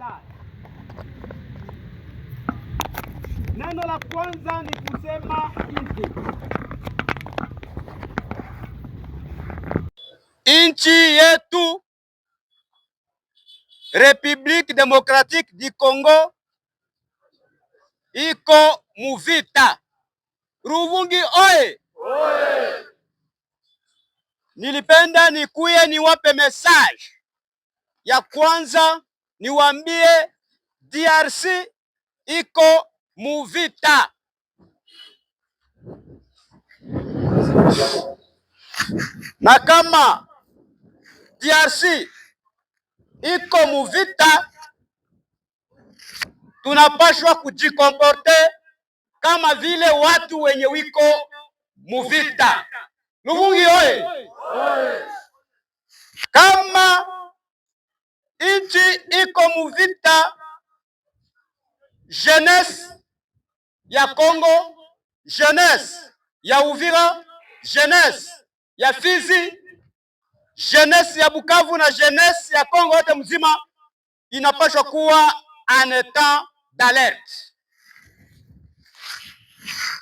Isaya. Neno la kwanza ni kusema hivi, nchi yetu Republique Democratique du Congo iko muvita. Ruvungi oye, oye! Nilipenda nikuye niwape message ya kwanza niwaambie, DRC iko muvita. Na kama DRC iko muvita, tunapashwa kujikomporte kama vile watu wenye wiko muvita. Luvungi oye! Kama Nchi iko muvita, jeunesse ya Kongo, jeunesse ya Uvira, jeunesse ya Fizi, jeunesse ya Bukavu na jeunesse ya Kongo yote mzima inapaswa kuwa en etat d'alerte.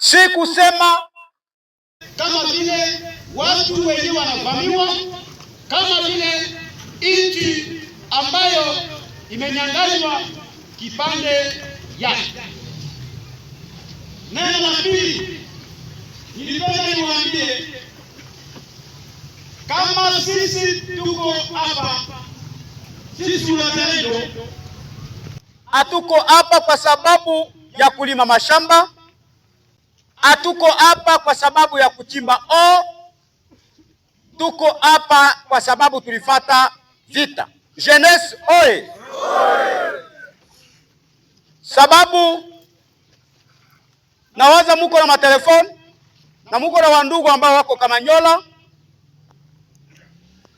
Si kusema kama vile watu wenyewe wanavamiwa, kama vile nchi ambayo imenyang'anywa kipande yake. Neno la pili, nilipenda niwaambie kama sisi tuko hapa, sisi wazalendo hatuko hapa kwa sababu ya kulima mashamba, hatuko hapa kwa sababu ya kuchimba o, tuko hapa kwa sababu tulifata vita. Jeunesse oye! Sababu nawaza muko na matelefoni na muko na wandugu ambao wako Kamanyola.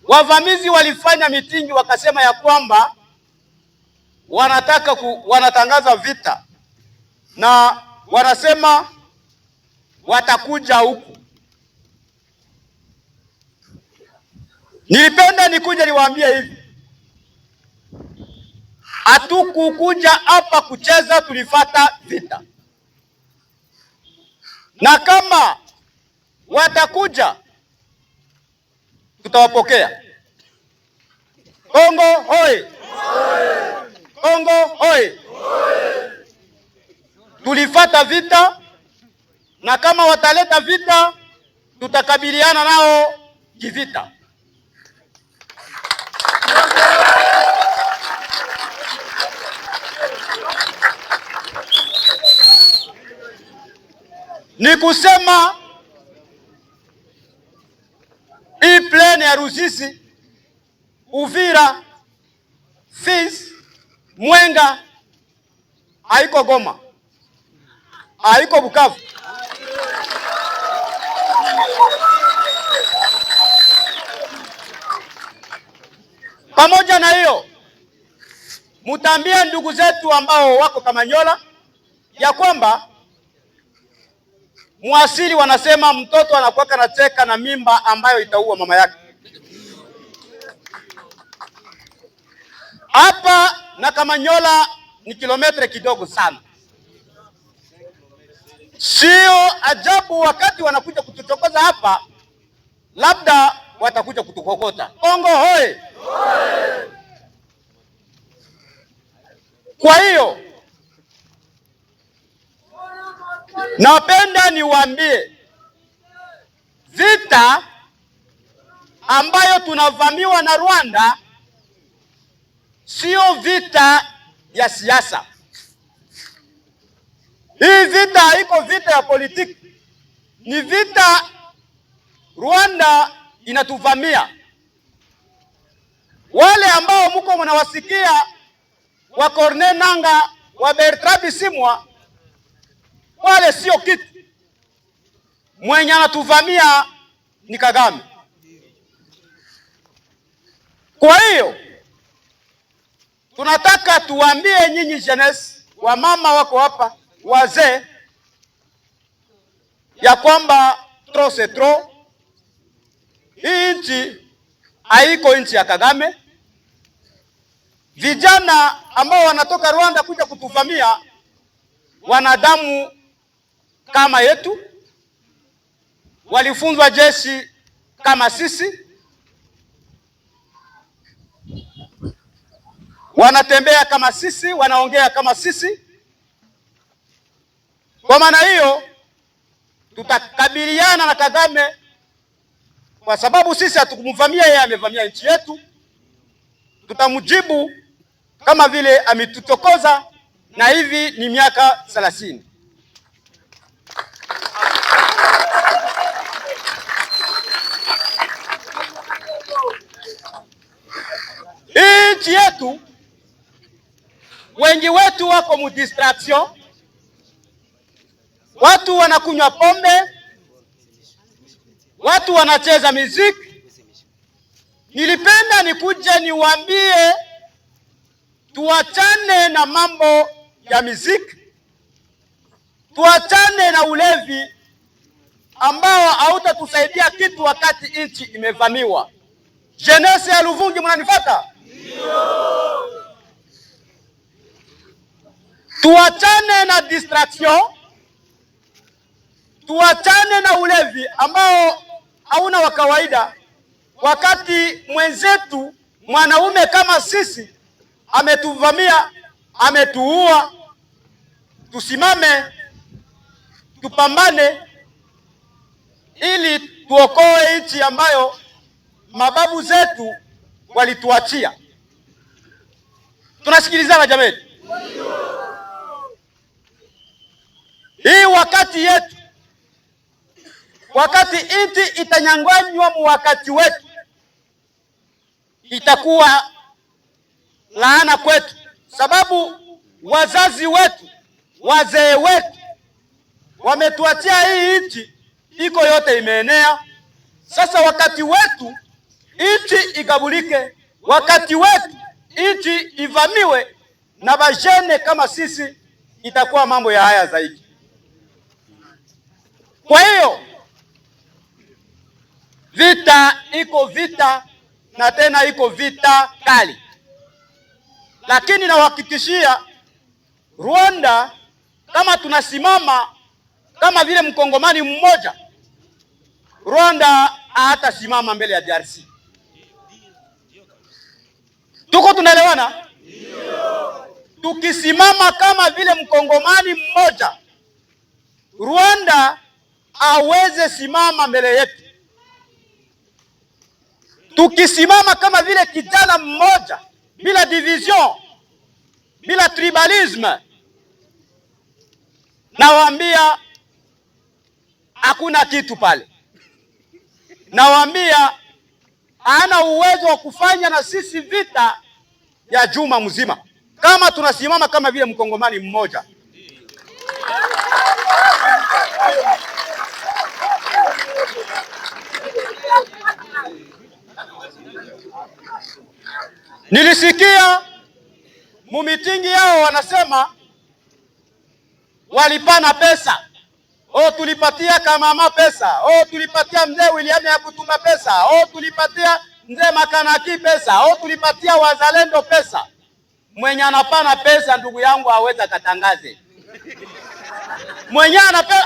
Wavamizi walifanya mitingi, wakasema ya kwamba wanataka ku, wanatangaza vita na wanasema watakuja huku. Nilipenda nikuja niwaambie hivi Hatukukuja hapa kucheza, tulifata vita, na kama watakuja tutawapokea. Kongo hoi! Kongo hoi! Tulifata vita, na kama wataleta vita tutakabiliana nao kivita. ni kusema hii plane ya Rusisi, Uvira, Fizi, Mwenga haiko Goma, haiko Bukavu, pamoja na hiyo mutambia ndugu zetu ambao wako Kamanyola ya kwamba mwasili wanasema mtoto anakuwa anacheka na mimba ambayo itaua mama yake. Hapa na Kamanyola ni kilometre kidogo sana, sio ajabu wakati wanakuja kutuchokoza hapa, labda watakuja kutukokota. Kongo hoye! Kwa hiyo Napenda niwaambie vita ambayo tunavamiwa na Rwanda sio vita ya siasa. Hii vita haiko vita ya politiki, ni vita Rwanda inatuvamia. Wale ambao mko mnawasikia wa Corneille Nangaa wa Bertrand Bisimwa wale sio kitu. Mwenye anatuvamia ni Kagame. Kwa hiyo tunataka tuwaambie nyinyi jeunesse, wamama wako hapa, wazee, ya kwamba tro se tro, Hii nchi haiko nchi ya Kagame. Vijana ambao wanatoka Rwanda kuja kutuvamia wanadamu kama yetu, walifunzwa jeshi kama sisi, wanatembea kama sisi, wanaongea kama sisi. Kwa maana hiyo tutakabiliana na Kagame kwa sababu sisi hatukumvamia yeye, amevamia nchi yetu. Tutamjibu kama vile ametutokoza, na hivi ni miaka thelathini. nchi yetu, wengi wetu wako mu distraction, watu wanakunywa pombe, watu wanacheza miziki Nilipenda nikuje niwaambie tuachane na mambo ya miziki tuachane na ulevi ambao hautatusaidia kitu wakati nchi imevamiwa. Jenese ya Luvungi, mnanifuata? Tuachane na distraction, tuachane na ulevi ambao hauna wa kawaida, wakati mwenzetu mwanaume kama sisi ametuvamia, ametuua. Tusimame, tupambane ili tuokoe nchi ambayo mababu zetu walituachia. Tunasikilizana jamani? Hii wakati yetu, wakati inti itanyang'anywa mu wakati wetu, itakuwa laana kwetu, sababu wazazi wetu, wazee wetu wametuachia hii nchi, iko yote imeenea. Sasa wakati wetu inti igabulike, wakati wetu nchi ivamiwe na bajene kama sisi, itakuwa mambo ya haya zaidi. Kwa hiyo vita iko vita na tena iko vita kali, lakini nawahakikishia Rwanda, kama tunasimama kama vile mkongomani mmoja, Rwanda hatasimama mbele ya DRC. Tunaelewana? Tukisimama kama vile mkongomani mmoja, Rwanda aweze simama mbele yetu. Tukisimama kama vile kijana mmoja, bila division, bila tribalisme, nawaambia hakuna kitu pale. Nawaambia hana uwezo wa kufanya na sisi vita ya juma mzima, kama tunasimama kama vile mkongomani mmoja. Nilisikia mumitingi yao wanasema walipana pesa o, oh, tulipatia kamama pesa o, oh, tulipatia mzee William ya kutuma pesa o, oh, tulipatia mzee Makanaki pesa au tulipatia wazalendo pesa. Mwenye anapana pesa ndugu yangu aweza katangaze mwenye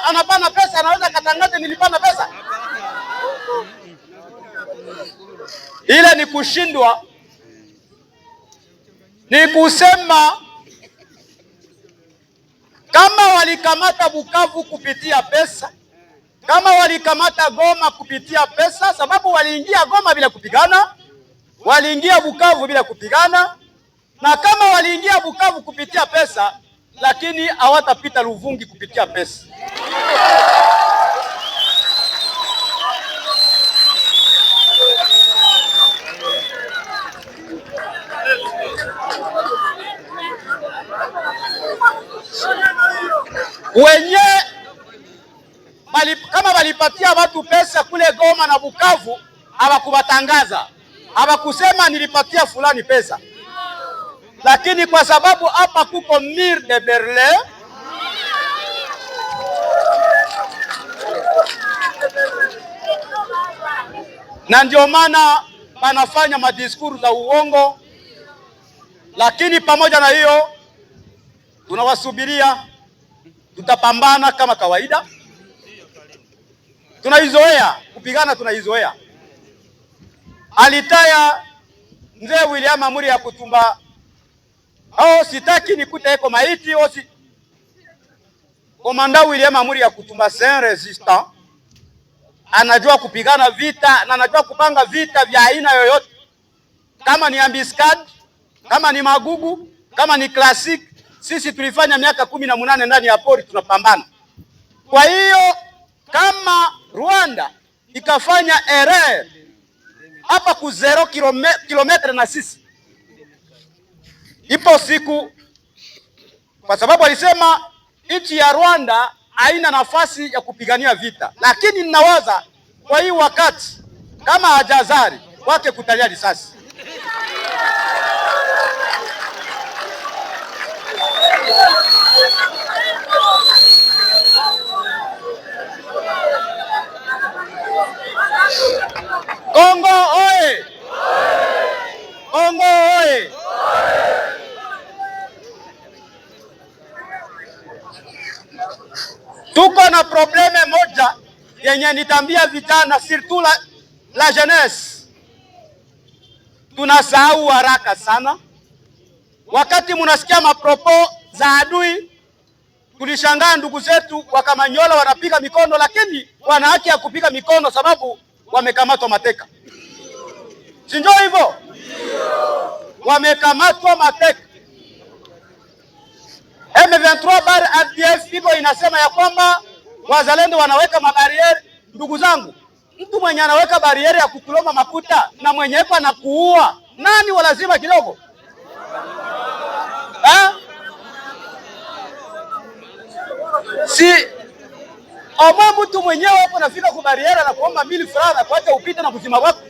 anapana pesa anaweza katangaze nilipana pesa. Ile ni kushindwa, ni kusema kama walikamata Bukavu kupitia pesa kama walikamata Goma kupitia pesa, sababu waliingia Goma bila kupigana, waliingia Bukavu bila kupigana, na kama waliingia Bukavu kupitia pesa, lakini hawatapita Luvungi kupitia pesa. wenye bali, kama walipatia watu pesa kule Goma na Bukavu, hawakubatangaza, hawakusema nilipatia fulani pesa, lakini kwa sababu hapa kuko mir de Berlin na ndio maana panafanya madiskuru za uongo. Lakini pamoja na hiyo tunawasubiria, tutapambana kama kawaida tunaizoea kupigana, tunaizoea. Alitaya mzee William amuri ya kutumba ao oh, sitaki nikute eko maiti o oh, si... Komanda William amuri ya kutumba saint resistant anajua kupigana vita na anajua kupanga vita vya aina yoyote, kama ni ambiskadi, kama ni magugu, kama ni klasiki. Sisi tulifanya miaka kumi na munane ndani ya pori tunapambana. Kwa hiyo kama Rwanda ikafanya ere hapa ku zero kilometre na sisi ipo siku, kwa sababu alisema nchi ya Rwanda haina nafasi ya kupigania vita, lakini ninawaza kwa hii wakati kama ajazari wake kutalia risasi Kongo oye! Kongo oye! Tuko na probleme moja yenye nitambia vijana surtout la, la jeunesse, tunasahau haraka sana. Wakati munasikia mapropo za adui, tulishangaa ndugu zetu wa Kamanyola wanapiga mikono, lakini wana haki ya kupiga mikono sababu wamekamatwa mateka, si ndio hivyo? Wamekamatwa mateka. M23 bar RDF hivyo inasema ya kwamba wazalendo wanaweka mabarieri. Ndugu zangu, mtu mwenye anaweka barieri ya kukuloma makuta na mwenye epa na kuua nani wa lazima kidogo si omo mtu mwenyewe hapo nafika kubariera na kuomba mili fulana kwacha upite na kuzima wako,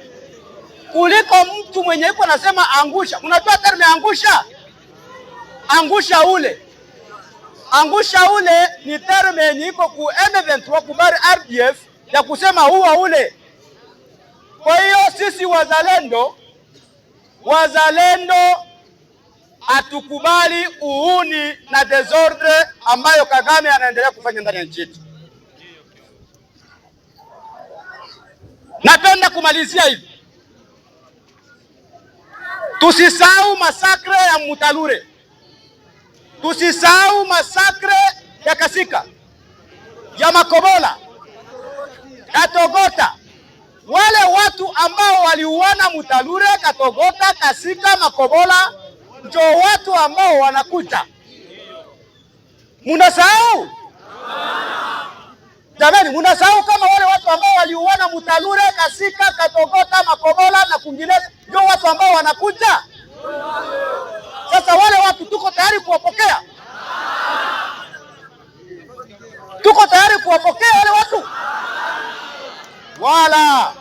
kuliko mtu mwenye yuko anasema angusha. Unajua terme angusha, angusha ule, angusha ule ni terme yenye iko ku M23 kubari RDF ya kusema huwa ule. Kwa hiyo sisi wazalendo, wazalendo hatukubali uuni na desordre ambayo Kagame anaendelea kufanya ndani ya nchi yetu. Napenda kumalizia hivi, tusisahau masakre ya Mutalure, tusisahau masakre ya Kasika, ya Makobola Katogota, wale watu ambao waliuana Mutalure, Katogota, Kasika, Makobola, ndio watu ambao wanakuja, munasahau Jamani, munasahau kama wale watu ambao waliuana Mutalure, Kasika, Katogota, Makobola na kungine, ndio watu ambao wanakuja sasa. Wale watu tuko tayari kuwapokea, tuko tayari kuwapokea wale watu wala.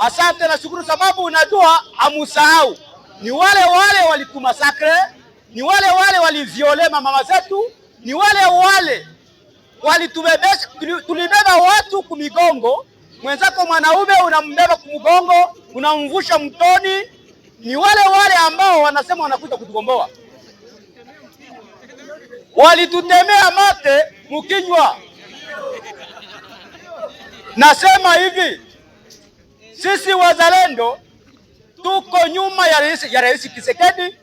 Asante na shukuru, sababu unajua amusahau ni wale wale walikumasakre, ni wale wale waliviolema mama zetu, ni wale wale walitubebesha, tulibeba watu kumigongo. Mwenzako mwanaume unambeba kumgongo, unamvusha mtoni. Ni wale wale ambao wanasema wanakuja kutugomboa, walitutemea mate mkinywa. Nasema hivi, sisi wazalendo tuko nyuma ya rais, ya Rais Tshisekedi,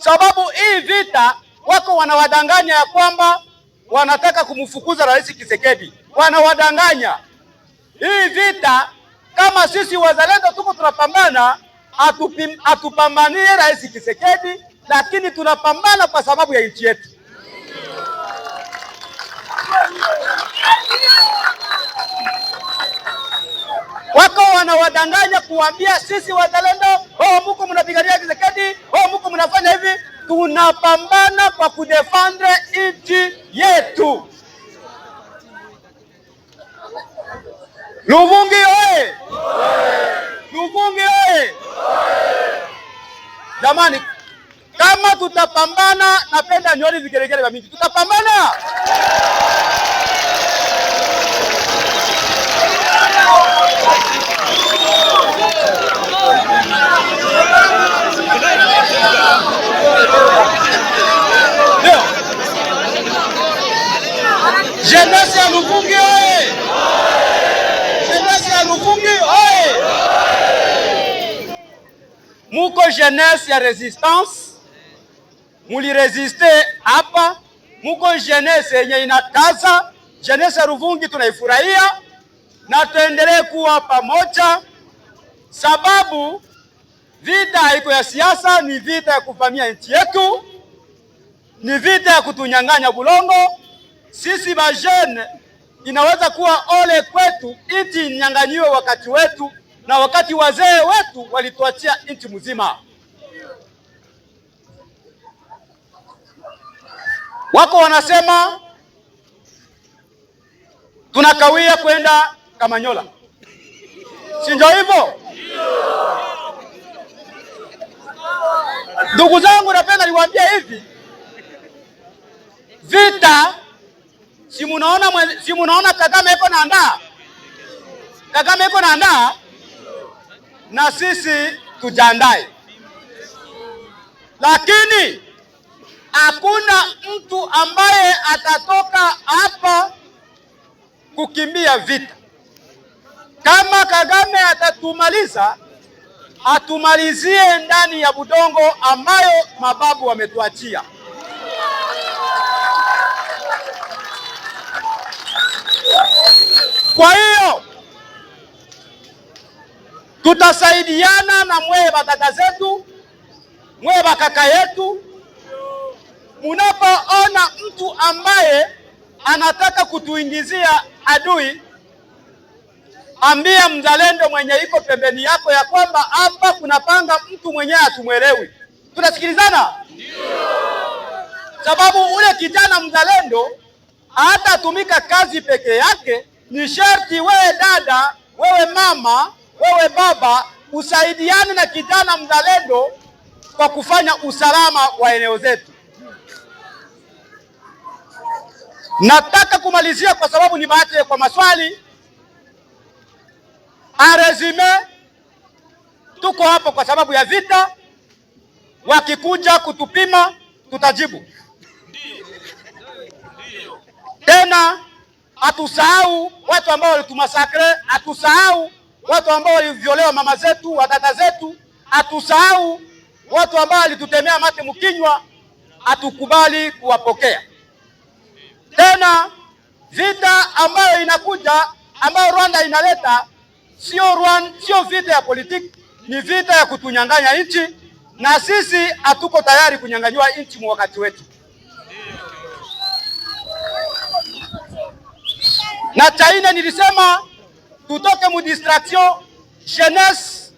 sababu hii vita wako wanawadanganya ya kwamba wanataka kumfukuza Rais Kisekedi, wanawadanganya. Hii vita kama sisi wazalendo tuko tunapambana, hatupambanie Rais Kisekedi, lakini tunapambana kwa sababu ya nchi yetu wako wanawadanganya kuambia sisi wazalendo, oh, muko mnapigania Tshisekedi, oh, muko mnafanya hivi. Tunapambana kwa kudefendre nchi yetu. Luvungi oye! Luvungi oye! Jamani, kama tutapambana, napenda nyoni zikelekele vya mingi, tutapambana Muko jenasi ya resistance, muliresiste hapa. Muko jenasi yenye inakaza, jenasi ya Ruvungi tunaifurahia na tuendelee kuwa pamoja, sababu vita haiko ya siasa, ni vita ya kuvamia nchi yetu, ni vita ya kutunyang'anya bulongo sisi bajene. Inaweza kuwa ole kwetu nchi inyang'anyiwe wakati wetu, na wakati wazee wetu walituachia nchi mzima. Wako wanasema tunakawia kwenda Kamanyola, si ndio hivyo? Ndugu zangu, napenda niwaambie hivi, vita si munaona, si munaona Kagame iko na andaa, Kagame iko na andaa, na sisi tujandae, lakini hakuna mtu ambaye atatoka hapa kukimbia vita. Kama Kagame atatumaliza atumalizie ndani ya budongo ambayo mababu wametuachia. Kwa hiyo tutasaidiana na mwewe badada zetu, mwewe bakaka yetu. Munapoona mtu ambaye anataka kutuingizia adui Ambia mzalendo mwenye iko pembeni yako ya kwamba hapa kunapanga mtu mwenyewe atumwelewi Tunasikilizana? Ndio. Sababu ule kijana mzalendo hata tumika kazi peke yake, ni sharti wewe dada, wewe mama, wewe baba usaidiane na kijana mzalendo kwa kufanya usalama wa eneo zetu. Nataka kumalizia kwa sababu ni baate kwa maswali Arezime, tuko hapo kwa sababu ya vita. Wakikuja kutupima tutajibu tena. Hatusahau watu ambao walitumasakre, hatusahau watu ambao walivyolewa mama zetu, dada zetu, hatusahau watu ambao walitutemea mate mkinywa. Hatukubali kuwapokea tena. Vita ambayo inakuja ambayo Rwanda inaleta sio Rwanda, sio vita ya politiki, ni vita ya kutunyang'anya nchi, na sisi hatuko tayari kunyang'anywa nchi mwa wakati wetu. Na chaine nilisema tutoke mu distraction jeunesse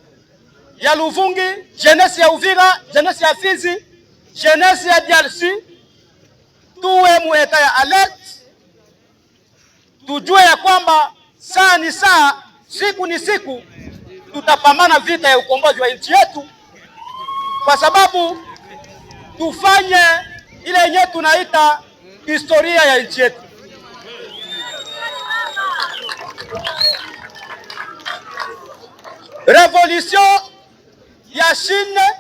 ya Luvungi, jeunesse ya Uvira, jeunesse ya Fizi, jeunesse ya DRC, tuwe mu eta ya alert, tujue ya kwamba saa ni saa siku ni siku tutapambana vita ya ukombozi wa nchi yetu, kwa sababu tufanye ile yenyewe tunaita historia ya nchi yetu. Revolution ya chine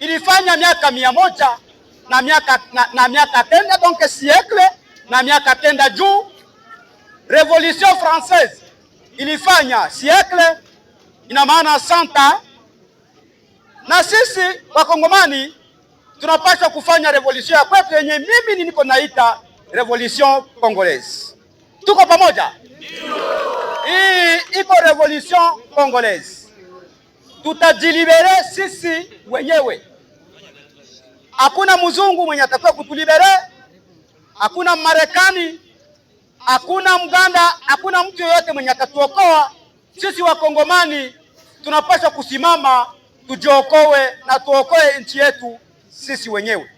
ilifanya miaka mia moja na miaka na, na miaka tenda donc siècle na miaka tenda juu Revolution Française ilifanya siekle, ina maana santa. Na sisi wakongomani tunapaswa kufanya revolution ya kwetu yenye mimi niko naita revolution congolaise. Tuko pamoja? Hii iko revolution congolaise, tutajilibere sisi wenyewe. Hakuna mzungu mwenye atakuwa kutulibere, hakuna Marekani Hakuna Mganda, hakuna mtu yoyote mwenye atatuokoa sisi. Wakongomani tunapaswa kusimama tujiokoe na tuokoe nchi yetu sisi wenyewe.